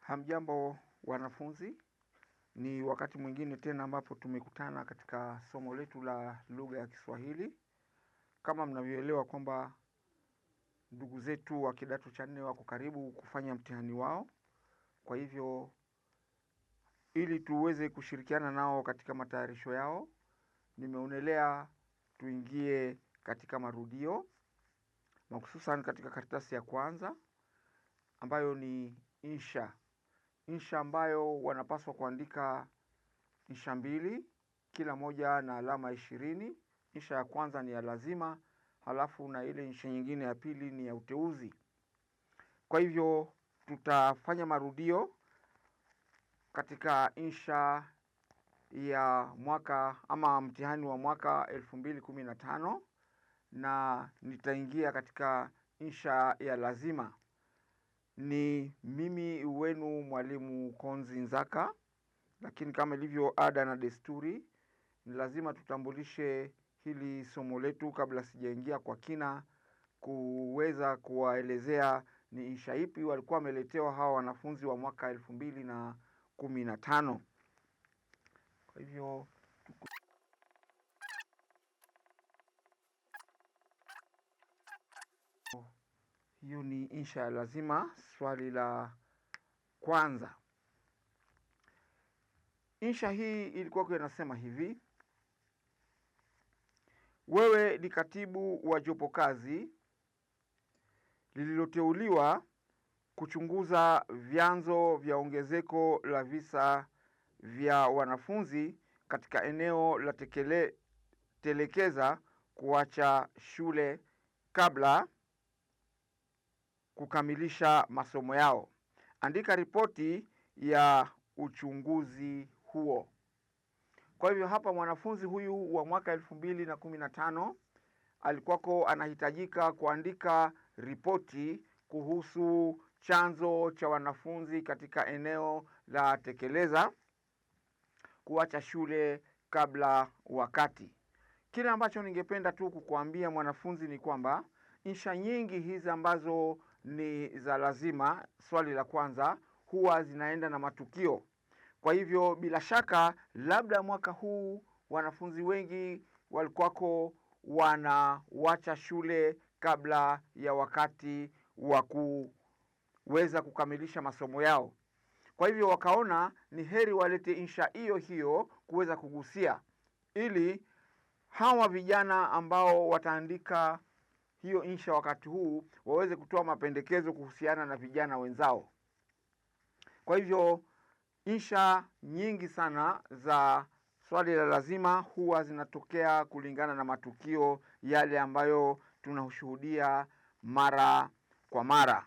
Hamjambo wanafunzi, ni wakati mwingine tena ambapo tumekutana katika somo letu la lugha ya Kiswahili. Kama mnavyoelewa kwamba ndugu zetu wa kidato cha nne wako karibu kufanya mtihani wao, kwa hivyo ili tuweze kushirikiana nao katika matayarisho yao, nimeonelea tuingie katika marudio na hususan katika karatasi ya kwanza ambayo ni insha. Insha ambayo wanapaswa kuandika insha mbili, kila moja na alama ishirini. Insha ya kwanza ni ya lazima, halafu na ile insha nyingine ya pili ni ya uteuzi. Kwa hivyo tutafanya marudio katika insha ya mwaka ama mtihani wa mwaka elfu mbili kumi na tano na nitaingia katika insha ya lazima. Ni mimi wenu mwalimu Konzi Nzaka, lakini kama ilivyo ada na desturi, ni lazima tutambulishe hili somo letu kabla sijaingia kwa kina kuweza kuwaelezea ni insha ipi walikuwa wameletewa hawa wanafunzi wa mwaka elfu mbili na kumi na tano. Kwa hivyo Hiyo ni insha ya lazima. Swali la kwanza, insha hii ilikuwako inasema hivi: wewe ni katibu wa jopo kazi lililoteuliwa kuchunguza vyanzo vya ongezeko la visa vya wanafunzi katika eneo la tekele, telekeza kuacha shule kabla kukamilisha masomo yao. Andika ripoti ya uchunguzi huo. Kwa hivyo hapa mwanafunzi huyu wa mwaka elfu mbili na kumi na tano alikuwako anahitajika kuandika ripoti kuhusu chanzo cha wanafunzi katika eneo la tekeleza kuacha shule kabla wakati. Kile ambacho ningependa tu kukuambia mwanafunzi ni kwamba insha nyingi hizi ambazo ni za lazima. Swali la kwanza, huwa zinaenda na matukio. Kwa hivyo bila shaka, labda mwaka huu wanafunzi wengi walikuwako wanawacha shule kabla ya wakati wa kuweza kukamilisha masomo yao. Kwa hivyo wakaona ni heri walete insha hiyo hiyo kuweza kugusia ili hawa vijana ambao wataandika hiyo insha wakati huu waweze kutoa mapendekezo kuhusiana na vijana wenzao. Kwa hivyo insha nyingi sana za swali la lazima huwa zinatokea kulingana na matukio yale ambayo tunashuhudia mara kwa mara.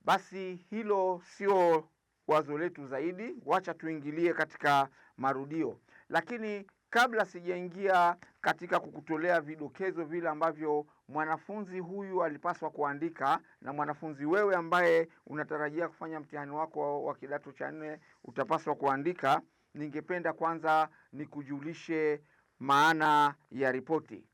Basi hilo sio wazo letu zaidi, wacha tuingilie katika marudio. Lakini kabla sijaingia katika kukutolea vidokezo vile ambavyo mwanafunzi huyu alipaswa kuandika, na mwanafunzi wewe ambaye unatarajia kufanya mtihani wako wa kidato cha nne utapaswa kuandika. Ningependa kwanza nikujulishe maana ya ripoti.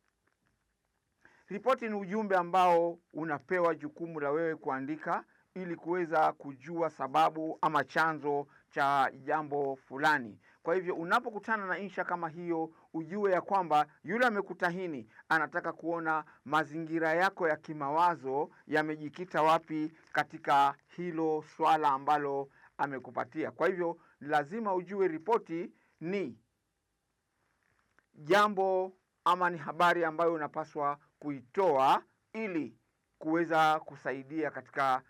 Ripoti ni ujumbe ambao unapewa jukumu la wewe kuandika ili kuweza kujua sababu ama chanzo cha jambo fulani. Kwa hivyo unapokutana na insha kama hiyo, ujue ya kwamba yule amekutahini anataka kuona mazingira yako ya kimawazo yamejikita wapi katika hilo swala ambalo amekupatia. Kwa hivyo lazima ujue ripoti ni jambo ama ni habari ambayo unapaswa kuitoa ili kuweza kusaidia katika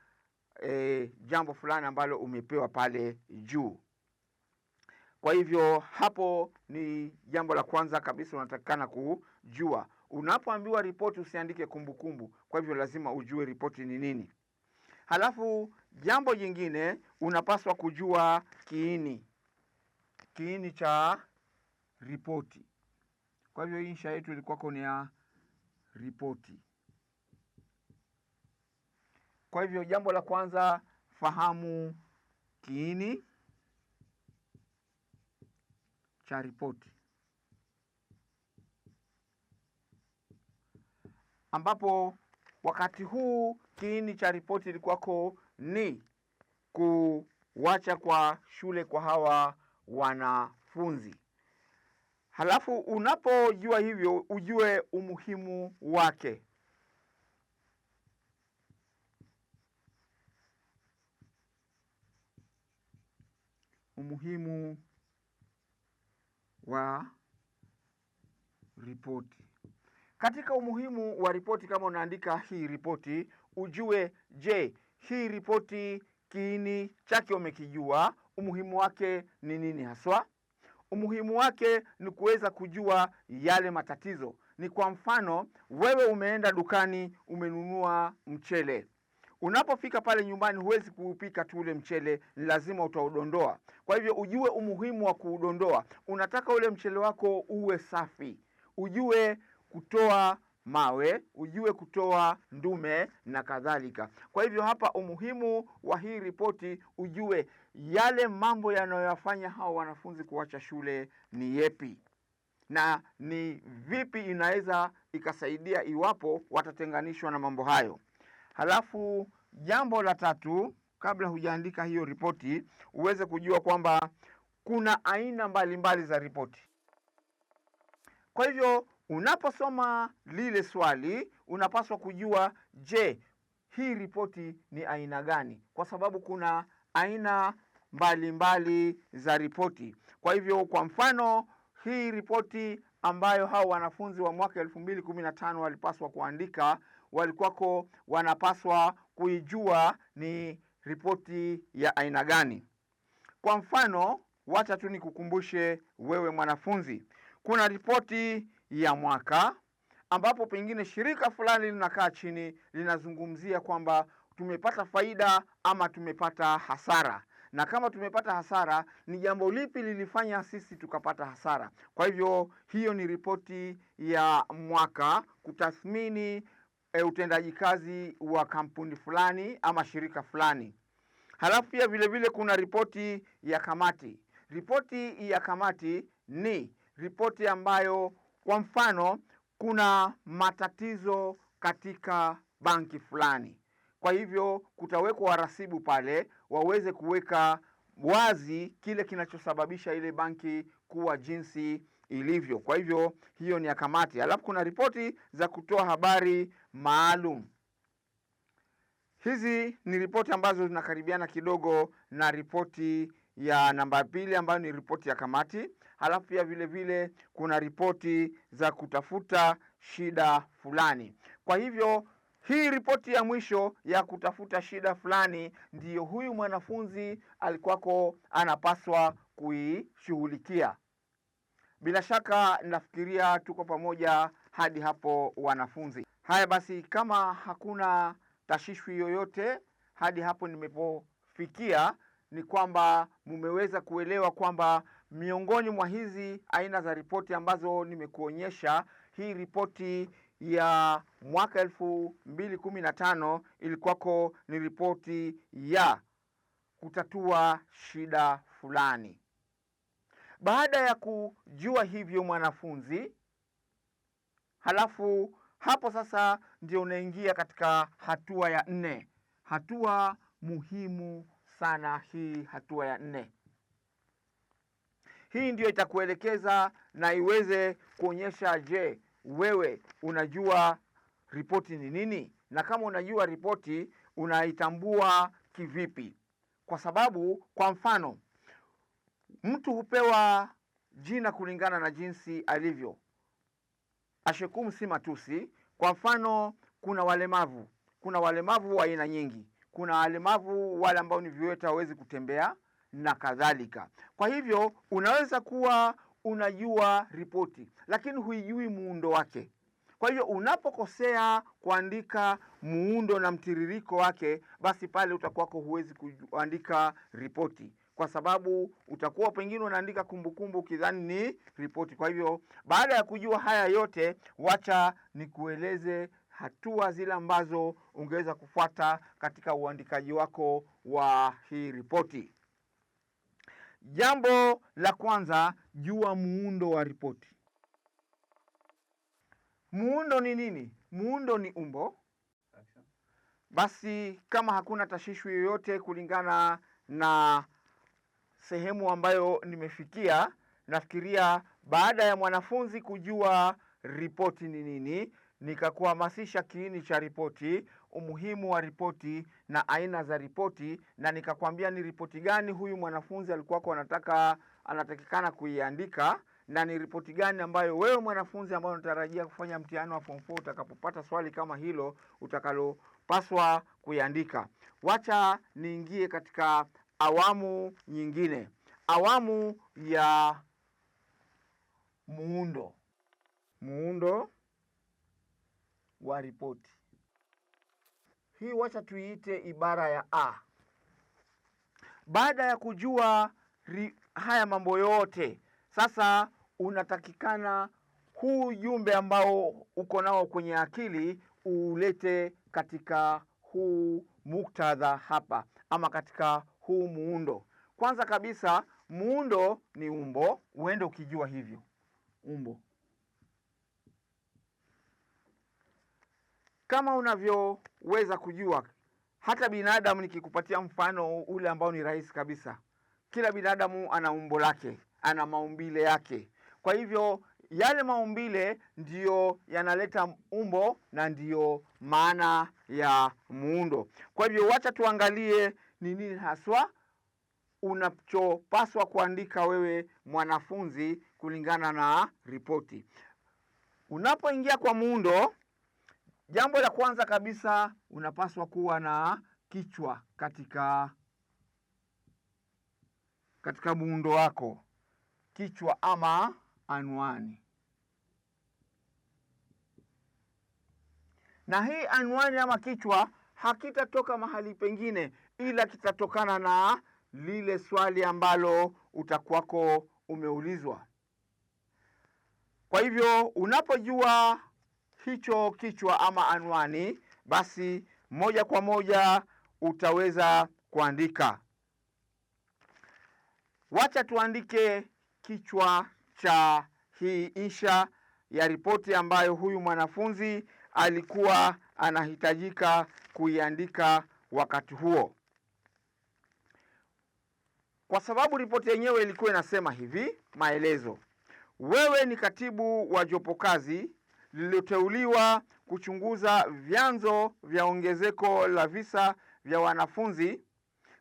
e, jambo fulani ambalo umepewa pale juu. Kwa hivyo hapo ni jambo la kwanza kabisa unatakikana kujua. Unapoambiwa ripoti, usiandike kumbukumbu kumbu. Kwa hivyo lazima ujue ripoti ni nini. Halafu jambo jingine unapaswa kujua kiini, kiini cha ripoti. Kwa hivyo hii nsha yetu ilikuwako ni ya ripoti. Kwa hivyo jambo la kwanza, fahamu kiini cha ripoti, ambapo wakati huu kiini cha ripoti ilikuwako ni kuwacha kwa shule kwa hawa wanafunzi. Halafu unapojua hivyo, ujue umuhimu wake. Umuhimu wa ripoti. Katika umuhimu wa ripoti, kama unaandika hii ripoti, ujue, je, hii ripoti kiini chake umekijua? Umuhimu wake ni nini haswa? Umuhimu wake ni kuweza kujua yale matatizo. Ni kwa mfano, wewe umeenda dukani, umenunua mchele Unapofika pale nyumbani, huwezi kuupika tu ule mchele, ni lazima utaudondoa. Kwa hivyo ujue umuhimu wa kuudondoa. Unataka ule mchele wako uwe safi, ujue kutoa mawe ujue kutoa ndume na kadhalika. Kwa hivyo hapa umuhimu wa hii ripoti ujue yale mambo yanayoyafanya hao wanafunzi kuacha shule ni yepi na ni vipi inaweza ikasaidia iwapo watatenganishwa na mambo hayo. Halafu jambo la tatu, kabla hujaandika hiyo ripoti, uweze kujua kwamba kuna aina mbalimbali mbali za ripoti. Kwa hivyo unaposoma lile swali unapaswa kujua, je, hii ripoti ni aina gani? Kwa sababu kuna aina mbalimbali mbali za ripoti. Kwa hivyo, kwa mfano hii ripoti ambayo hao wanafunzi wa mwaka 2015 walipaswa kuandika walikuwako wanapaswa kuijua ni ripoti ya aina gani. Kwa mfano, wacha tu nikukumbushe wewe mwanafunzi, kuna ripoti ya mwaka ambapo pengine shirika fulani linakaa chini linazungumzia kwamba tumepata faida ama tumepata hasara, na kama tumepata hasara, ni jambo lipi lilifanya sisi tukapata hasara. Kwa hivyo hiyo ni ripoti ya mwaka kutathmini e, utendaji kazi wa kampuni fulani ama shirika fulani. Halafu pia vile vile kuna ripoti ya kamati. Ripoti ya kamati ni ripoti ambayo, kwa mfano, kuna matatizo katika banki fulani, kwa hivyo kutawekwa warasibu pale waweze kuweka wazi kile kinachosababisha ile banki kuwa jinsi ilivyo. Kwa hivyo hiyo ni ya kamati. Alafu kuna ripoti za kutoa habari maalum. Hizi ni ripoti ambazo zinakaribiana kidogo na ripoti ya namba pili ambayo ni ripoti ya kamati. Halafu pia vile vile kuna ripoti za kutafuta shida fulani. Kwa hivyo hii ripoti ya mwisho ya kutafuta shida fulani ndiyo huyu mwanafunzi alikuwako anapaswa kuishughulikia. Bila shaka nafikiria tuko pamoja hadi hapo wanafunzi. Haya basi, kama hakuna tashishwi yoyote hadi hapo nimepofikia, ni kwamba mumeweza kuelewa kwamba miongoni mwa hizi aina za ripoti ambazo nimekuonyesha, hii ripoti ya mwaka elfu mbili kumi na tano ilikuwako ni ripoti ya kutatua shida fulani. Baada ya kujua hivyo mwanafunzi, halafu hapo sasa ndio unaingia katika hatua ya nne, hatua muhimu sana hii, hatua ya nne. Hii ndio itakuelekeza na iweze kuonyesha, je, wewe unajua ripoti ni nini, na kama unajua ripoti unaitambua kivipi? Kwa sababu, kwa mfano Mtu hupewa jina kulingana na jinsi alivyo. Ashekum si matusi. Kwa mfano, kuna walemavu, kuna walemavu wa aina nyingi, kuna walemavu wale ambao ni viwete, hawezi kutembea na kadhalika. Kwa hivyo unaweza kuwa unajua ripoti lakini huijui muundo wake. Kwa hivyo unapokosea kuandika muundo na mtiririko wake, basi pale utakuwako huwezi kuandika ripoti kwa sababu utakuwa pengine unaandika kumbukumbu ukidhani ni ripoti. Kwa hivyo baada ya kujua haya yote, wacha nikueleze hatua zile ambazo ungeweza kufuata katika uandikaji wako wa hii ripoti. Jambo la kwanza, jua muundo wa ripoti. Muundo ni nini? Muundo ni umbo. Basi kama hakuna tashishwi yoyote kulingana na sehemu ambayo nimefikia, nafikiria baada ya mwanafunzi kujua ripoti ni nini, nikakuhamasisha kiini cha ripoti, umuhimu wa ripoti na aina za ripoti, na nikakwambia ni ripoti gani huyu mwanafunzi alikuwako anataka anatakikana kuiandika na ni ripoti gani ambayo wewe mwanafunzi ambayo unatarajia kufanya mtihani wa form 4 utakapopata swali kama hilo utakalopaswa kuiandika. Wacha niingie katika awamu nyingine, awamu ya muundo, muundo wa ripoti hii. Wacha tuiite ibara ya A. Baada ya kujua ri, haya mambo yote sasa, unatakikana huu jumbe ambao uko nao kwenye akili uulete katika huu muktadha hapa ama katika huu muundo? Kwanza kabisa muundo ni umbo, uende ukijua hivyo umbo kama unavyoweza kujua. Hata binadamu nikikupatia mfano ule ambao ni rahisi kabisa, kila binadamu ana umbo lake, ana maumbile yake. Kwa hivyo yale maumbile ndiyo yanaleta umbo na ndiyo maana ya muundo. Kwa hivyo wacha tuangalie ni nini haswa unachopaswa kuandika wewe mwanafunzi kulingana na ripoti. Unapoingia kwa muundo, jambo la kwanza kabisa unapaswa kuwa na kichwa katika katika muundo wako, kichwa ama anwani. Na hii anwani ama kichwa hakitatoka mahali pengine, ila kitatokana na lile swali ambalo utakuwako umeulizwa. Kwa hivyo unapojua hicho kichwa ama anwani, basi moja kwa moja utaweza kuandika. Wacha tuandike kichwa cha hii insha ya ripoti ambayo huyu mwanafunzi alikuwa anahitajika kuiandika wakati huo kwa sababu ripoti yenyewe ilikuwa inasema hivi. Maelezo: wewe ni katibu wa jopo kazi lililoteuliwa kuchunguza vyanzo vya ongezeko la visa vya wanafunzi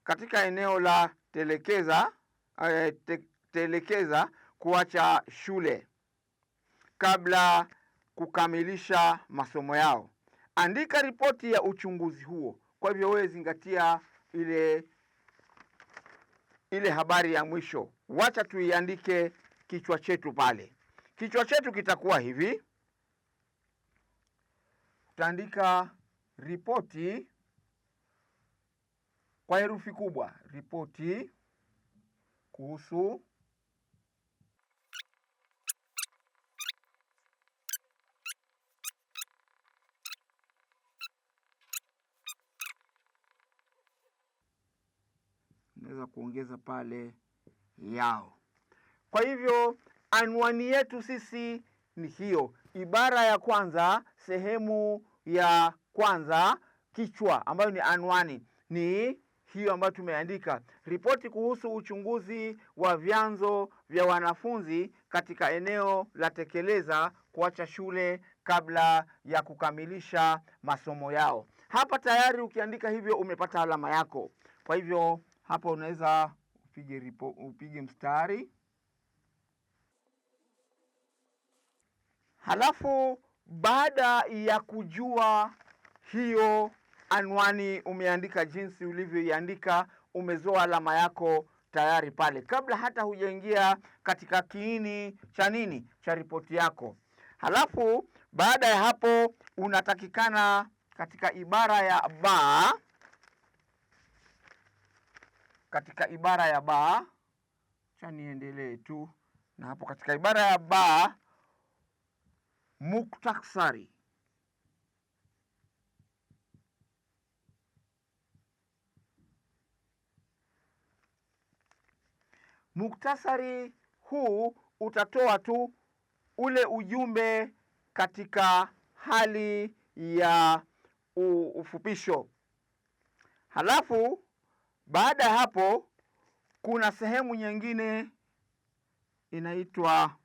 katika eneo la telekeza, eh, te, telekeza kuacha shule kabla kukamilisha masomo yao. Andika ripoti ya uchunguzi huo. Kwa hivyo wewe zingatia ile ile habari ya mwisho, wacha tuiandike kichwa chetu pale. Kichwa chetu kitakuwa hivi, tutaandika ripoti kwa herufi kubwa, ripoti kuhusu naweza kuongeza pale yao. Kwa hivyo anwani yetu sisi ni hiyo, ibara ya kwanza, sehemu ya kwanza, kichwa ambayo ni anwani ni hiyo ambayo tumeandika ripoti kuhusu uchunguzi wa vyanzo vya wanafunzi katika eneo la tekeleza kuacha shule kabla ya kukamilisha masomo yao. Hapa tayari ukiandika hivyo umepata alama yako. Kwa hivyo hapa unaweza upige ripo, upige mstari halafu baada ya kujua hiyo anwani umeandika jinsi ulivyoiandika, umezoa alama yako tayari pale, kabla hata hujaingia katika kiini cha nini cha ripoti yako. Halafu baada ya hapo, unatakikana katika ibara ya ba katika ibara ya ba, cha niendelee tu na hapo. Katika ibara ya ba, muktasari muktasari huu utatoa tu ule ujumbe katika hali ya ufupisho halafu baada ya hapo kuna sehemu nyingine inaitwa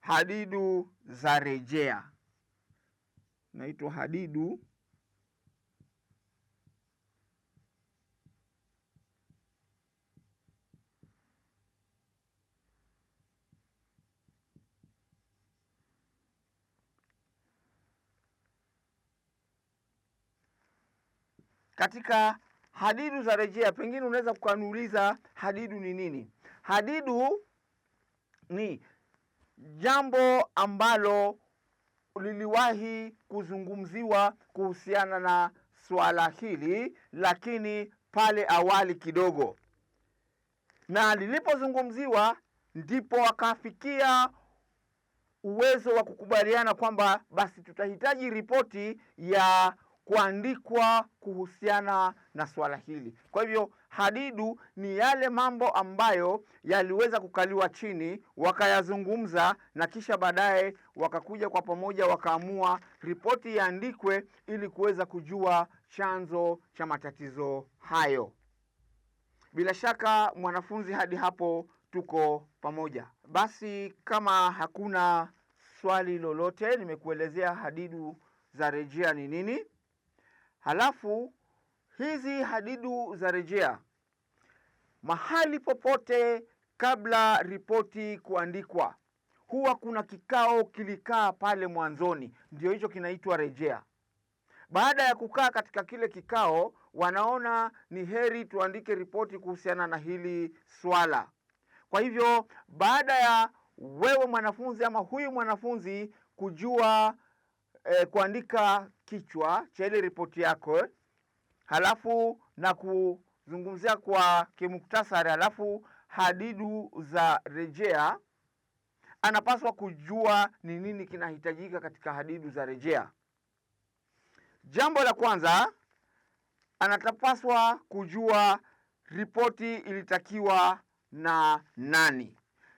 hadidu za rejea, inaitwa hadidu katika hadidu za rejea. Pengine unaweza kukaniuliza hadidu ni nini? Hadidu ni jambo ambalo liliwahi kuzungumziwa kuhusiana na swala hili, lakini pale awali kidogo, na lilipozungumziwa ndipo wakafikia uwezo wa kukubaliana kwamba basi tutahitaji ripoti ya kuandikwa kuhusiana na swala hili. Kwa hivyo hadidu ni yale mambo ambayo yaliweza kukaliwa chini wakayazungumza, na kisha baadaye wakakuja kwa pamoja wakaamua ripoti iandikwe ili kuweza kujua chanzo cha matatizo hayo. Bila shaka mwanafunzi, hadi hapo tuko pamoja. Basi kama hakuna swali lolote, nimekuelezea hadidu za rejea ni nini Halafu hizi hadidu za rejea mahali popote kabla ripoti kuandikwa huwa kuna kikao kilikaa pale mwanzoni, ndio hicho kinaitwa rejea. Baada ya kukaa katika kile kikao, wanaona ni heri tuandike ripoti kuhusiana na hili swala. Kwa hivyo, baada ya wewe mwanafunzi ama huyu mwanafunzi kujua eh, kuandika kichwa cha ile ripoti yako, halafu na kuzungumzia kwa kimuktasari, halafu hadidu za rejea. Anapaswa kujua ni nini kinahitajika katika hadidu za rejea. Jambo la kwanza, anatapaswa kujua ripoti ilitakiwa na nani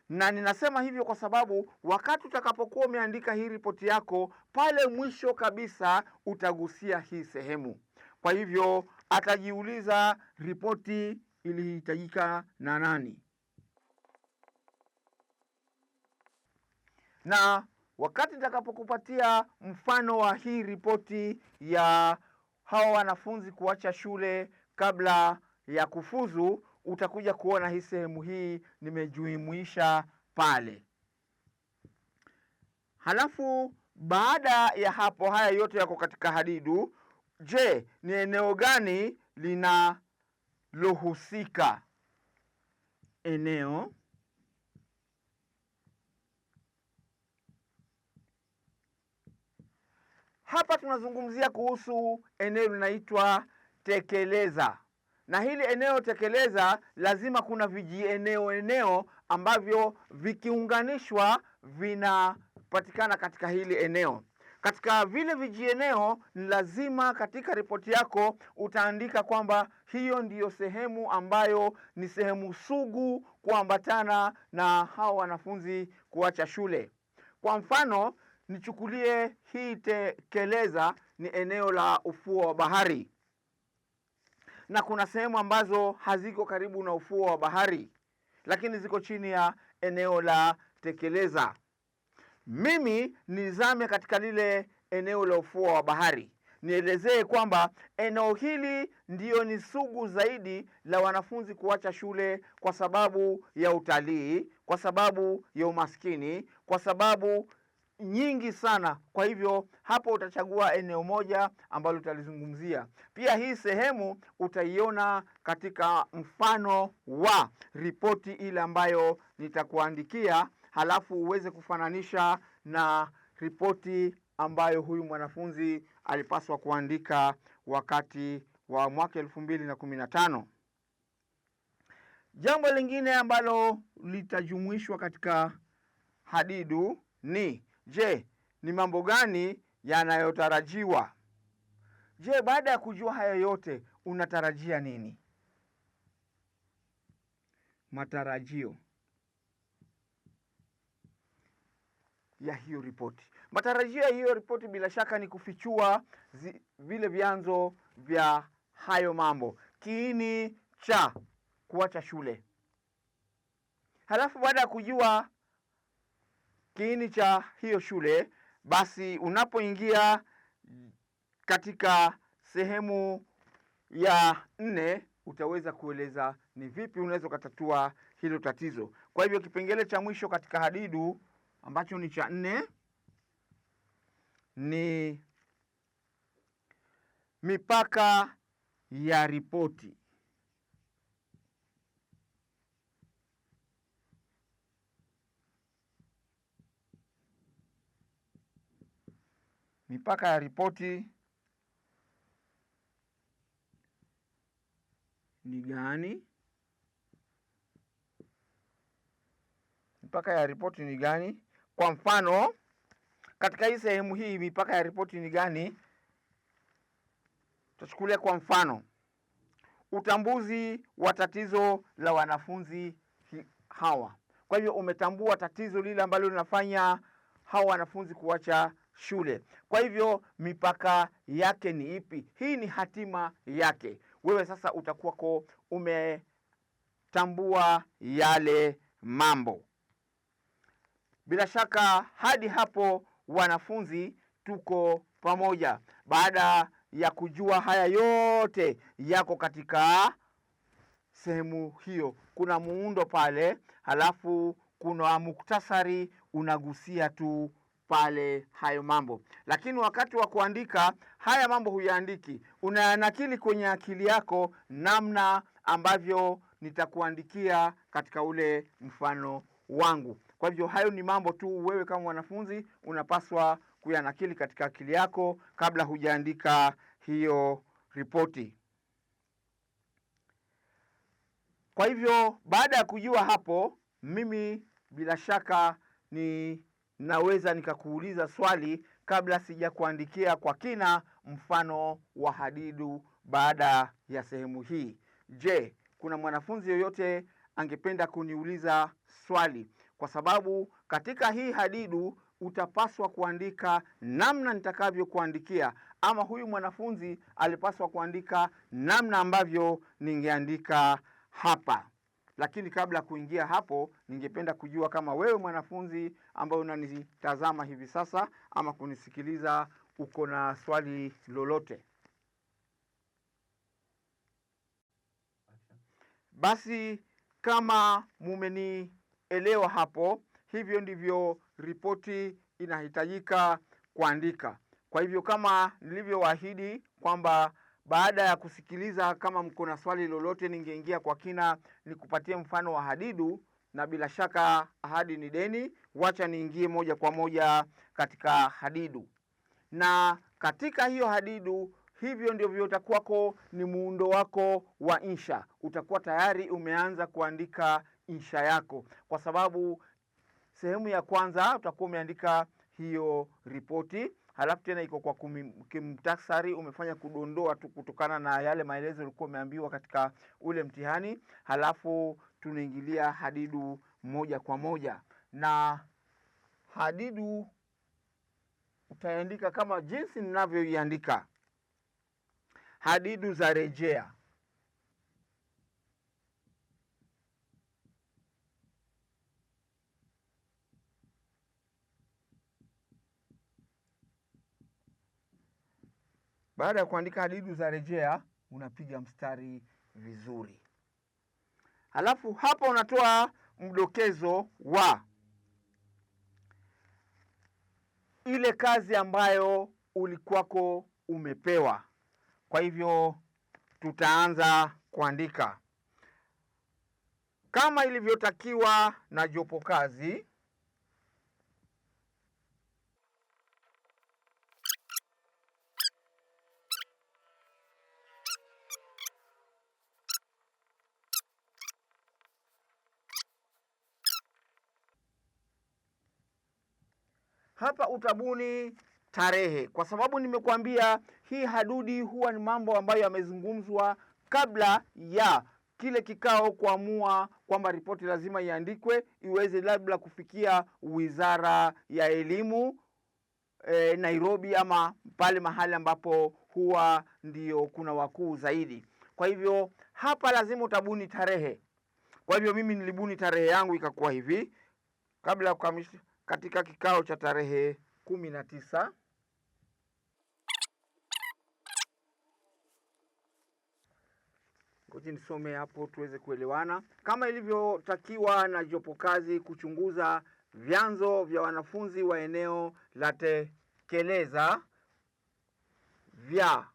na ninasema hivyo kwa sababu wakati utakapokuwa umeandika hii ripoti yako, pale mwisho kabisa utagusia hii sehemu. Kwa hivyo atajiuliza, ripoti ilihitajika na nani? Na wakati nitakapokupatia mfano wa hii ripoti ya hawa wanafunzi kuacha shule kabla ya kufuzu utakuja kuona hii sehemu hii nimejuimuisha pale. Halafu baada ya hapo, haya yote yako katika hadidu. Je, ni eneo gani linalohusika? Eneo hapa tunazungumzia kuhusu eneo linaitwa tekeleza na hili eneo tekeleza, lazima kuna vijieneo eneo ambavyo vikiunganishwa vinapatikana katika hili eneo. Katika vile vijieneo ni lazima katika ripoti yako utaandika kwamba hiyo ndiyo sehemu ambayo ni sehemu sugu kuambatana na hao wanafunzi kuacha shule. Kwa mfano, nichukulie hii tekeleza ni eneo la ufuo wa bahari na kuna sehemu ambazo haziko karibu na ufuo wa bahari, lakini ziko chini ya eneo la tekeleza. Mimi nizame katika lile eneo la ufuo wa bahari, nielezee kwamba eneo hili ndiyo ni sugu zaidi la wanafunzi kuacha shule kwa sababu ya utalii, kwa sababu ya umaskini, kwa sababu nyingi sana. Kwa hivyo hapo utachagua eneo moja ambalo utalizungumzia. Pia hii sehemu utaiona katika mfano wa ripoti ile ambayo nitakuandikia, halafu uweze kufananisha na ripoti ambayo huyu mwanafunzi alipaswa kuandika wakati wa mwaka elfu mbili na kumi na tano. Jambo lingine ambalo litajumuishwa katika hadidu ni Je, ni mambo gani yanayotarajiwa? Je, baada ya kujua haya yote unatarajia nini? Matarajio ya hiyo ripoti. Matarajio ya hiyo ripoti bila shaka ni kufichua zi, vile vyanzo vya hayo mambo, kiini cha kuacha shule. Halafu baada ya kujua kiini cha hiyo shule, basi unapoingia katika sehemu ya nne utaweza kueleza ni vipi unaweza ukatatua hilo tatizo. Kwa hivyo kipengele cha mwisho katika hadidu ambacho ni cha nne ni mipaka ya ripoti. mipaka ya ripoti ni gani? Mipaka ya ripoti ni gani? Kwa mfano, katika hii sehemu hii mipaka ya ripoti ni gani? Tuchukulie kwa mfano utambuzi wa tatizo la wanafunzi hawa. Kwa hivyo umetambua tatizo lile ambalo linafanya hawa wanafunzi kuacha shule. Kwa hivyo mipaka yake ni ipi? Hii ni hatima yake. Wewe sasa utakuwako umetambua yale mambo. Bila shaka hadi hapo, wanafunzi, tuko pamoja. Baada ya kujua haya yote yako katika sehemu hiyo, kuna muundo pale, halafu kuna muktasari unagusia tu pale hayo mambo, lakini wakati wa kuandika haya mambo huyaandiki, unayanakili kwenye akili yako namna ambavyo nitakuandikia katika ule mfano wangu. Kwa hivyo hayo ni mambo tu wewe kama mwanafunzi unapaswa kuyanakili katika akili yako kabla hujaandika hiyo ripoti. Kwa hivyo baada ya kujua hapo, mimi bila shaka ni naweza nikakuuliza swali kabla sijakuandikia kwa kina mfano wa hadidu baada ya sehemu hii. Je, kuna mwanafunzi yoyote angependa kuniuliza swali? Kwa sababu katika hii hadidu utapaswa kuandika namna nitakavyokuandikia, ama huyu mwanafunzi alipaswa kuandika namna ambavyo ningeandika hapa. Lakini kabla ya kuingia hapo, ningependa kujua kama wewe mwanafunzi ambaye unanitazama hivi sasa ama kunisikiliza, uko na swali lolote. Basi kama mumenielewa hapo, hivyo ndivyo ripoti inahitajika kuandika. Kwa hivyo kama nilivyowaahidi kwamba baada ya kusikiliza, kama mko na swali lolote, ningeingia kwa kina nikupatie mfano wa hadidu, na bila shaka ahadi ni deni. Wacha niingie moja kwa moja katika hadidu, na katika hiyo hadidu hivyo ndio vyote ni muundo wako wa insha. Utakuwa tayari umeanza kuandika insha yako, kwa sababu sehemu ya kwanza utakuwa umeandika hiyo ripoti halafu tena iko kwa kimtasari, umefanya kudondoa tu kutokana na yale maelezo yalikuwa umeambiwa katika ule mtihani. Halafu tunaingilia hadidu moja kwa moja, na hadidu utaiandika kama jinsi ninavyoiandika hadidu za rejea. Baada ya kuandika hadidu za rejea, unapiga mstari vizuri, halafu hapa unatoa mdokezo wa ile kazi ambayo ulikuwako umepewa. Kwa hivyo tutaanza kuandika kama ilivyotakiwa na jopo kazi. hapa utabuni tarehe, kwa sababu nimekuambia hii hadudi huwa ni mambo ambayo yamezungumzwa kabla ya kile kikao kuamua kwamba ripoti lazima iandikwe iweze labda kufikia wizara ya elimu e, Nairobi ama pale mahali ambapo huwa ndio kuna wakuu zaidi. Kwa hivyo hapa lazima utabuni tarehe. Kwa hivyo mimi nilibuni tarehe yangu ikakuwa hivi kabla ya kukamilisha katika kikao cha tarehe kumi na tisa ngoja nisome hapo tuweze kuelewana, kama ilivyotakiwa na jopo kazi kuchunguza vyanzo vya wanafunzi wa eneo la tekeleza vya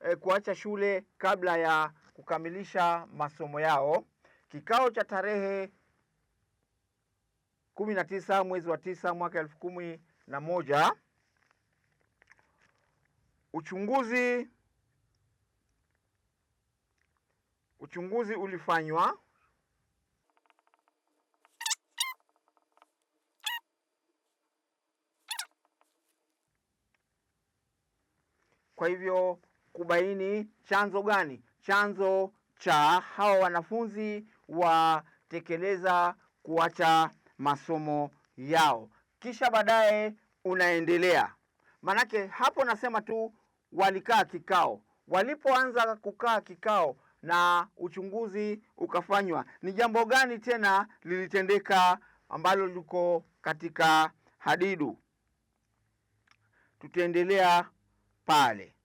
e, kuacha shule kabla ya kukamilisha masomo yao. Kikao cha tarehe kumi na tisa mwezi wa tisa mwaka elfu kumi na moja uchunguzi uchunguzi ulifanywa kwa hivyo kubaini chanzo gani, chanzo cha hawa wanafunzi watekeleza kuacha masomo yao, kisha baadaye unaendelea. Manake hapo nasema tu walikaa kikao. Walipoanza kukaa kikao na uchunguzi ukafanywa, ni jambo gani tena lilitendeka ambalo liko katika hadidu? Tutaendelea pale.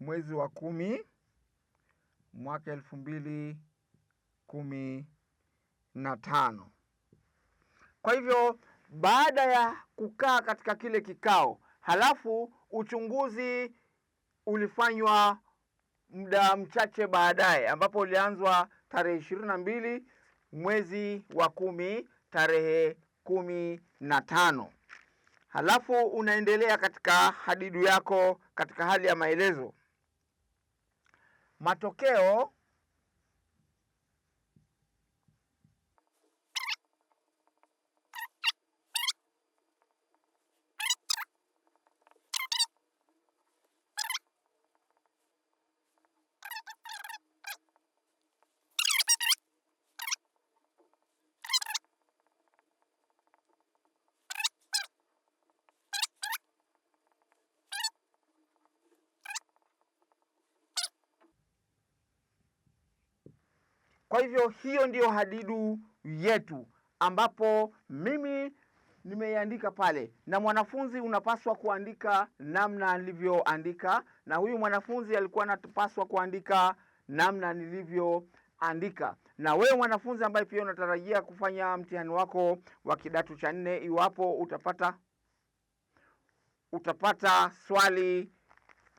mwezi wa kumi mwaka elfu mbili kumi na tano. Kwa hivyo baada ya kukaa katika kile kikao, halafu uchunguzi ulifanywa muda mchache baadaye, ambapo ulianzwa tarehe ishirini na mbili mwezi wa kumi tarehe kumi na tano. Halafu unaendelea katika hadidu yako katika hali ya maelezo matokeo hivyo hiyo ndiyo hadidu yetu ambapo mimi nimeiandika pale, na mwanafunzi unapaswa kuandika namna alivyoandika, na huyu mwanafunzi alikuwa anapaswa kuandika namna nilivyoandika. Na wewe mwanafunzi ambaye pia unatarajia kufanya mtihani wako wa kidato cha nne, iwapo utapata utapata swali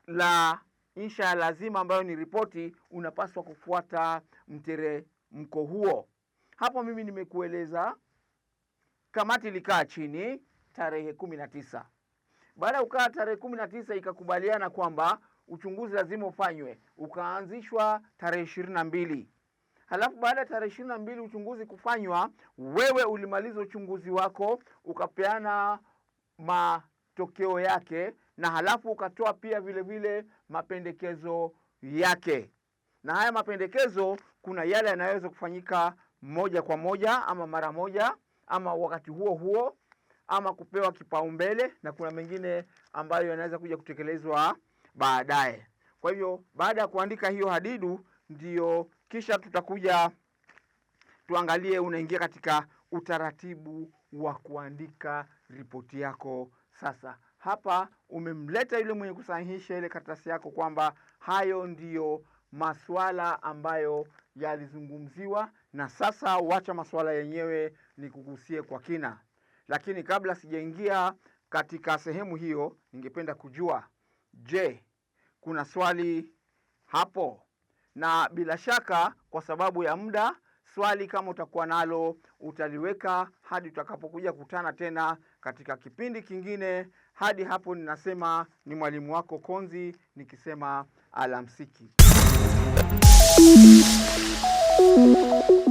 la insha ya lazima ambayo ni ripoti, unapaswa kufuata mtere mko huo. Hapo mimi nimekueleza, kamati ilikaa chini tarehe kumi na tisa. Baada ya kukaa tarehe kumi na tisa ikakubaliana kwamba uchunguzi lazima ufanywe, ukaanzishwa tarehe ishirini na mbili. Halafu baada ya tarehe ishirini na mbili uchunguzi kufanywa, wewe ulimaliza uchunguzi wako ukapeana matokeo yake, na halafu ukatoa pia vile vile mapendekezo yake na haya mapendekezo, kuna yale yanayoweza kufanyika moja kwa moja ama mara moja ama wakati huo huo ama kupewa kipaumbele, na kuna mengine ambayo yanaweza kuja kutekelezwa baadaye. Kwa hivyo baada ya kuandika hiyo hadidu, ndiyo kisha tutakuja tuangalie, unaingia katika utaratibu wa kuandika ripoti yako. Sasa hapa umemleta yule mwenye kusahihisha ile karatasi yako kwamba hayo ndiyo masuala ambayo yalizungumziwa, na sasa wacha masuala yenyewe nikugusie kwa kina. Lakini kabla sijaingia katika sehemu hiyo, ningependa kujua, je, kuna swali hapo? Na bila shaka kwa sababu ya muda, swali kama utakuwa nalo utaliweka hadi tutakapokuja kutana tena katika kipindi kingine. Hadi hapo ninasema ni mwalimu wako Konzi nikisema alamsiki. Thank you.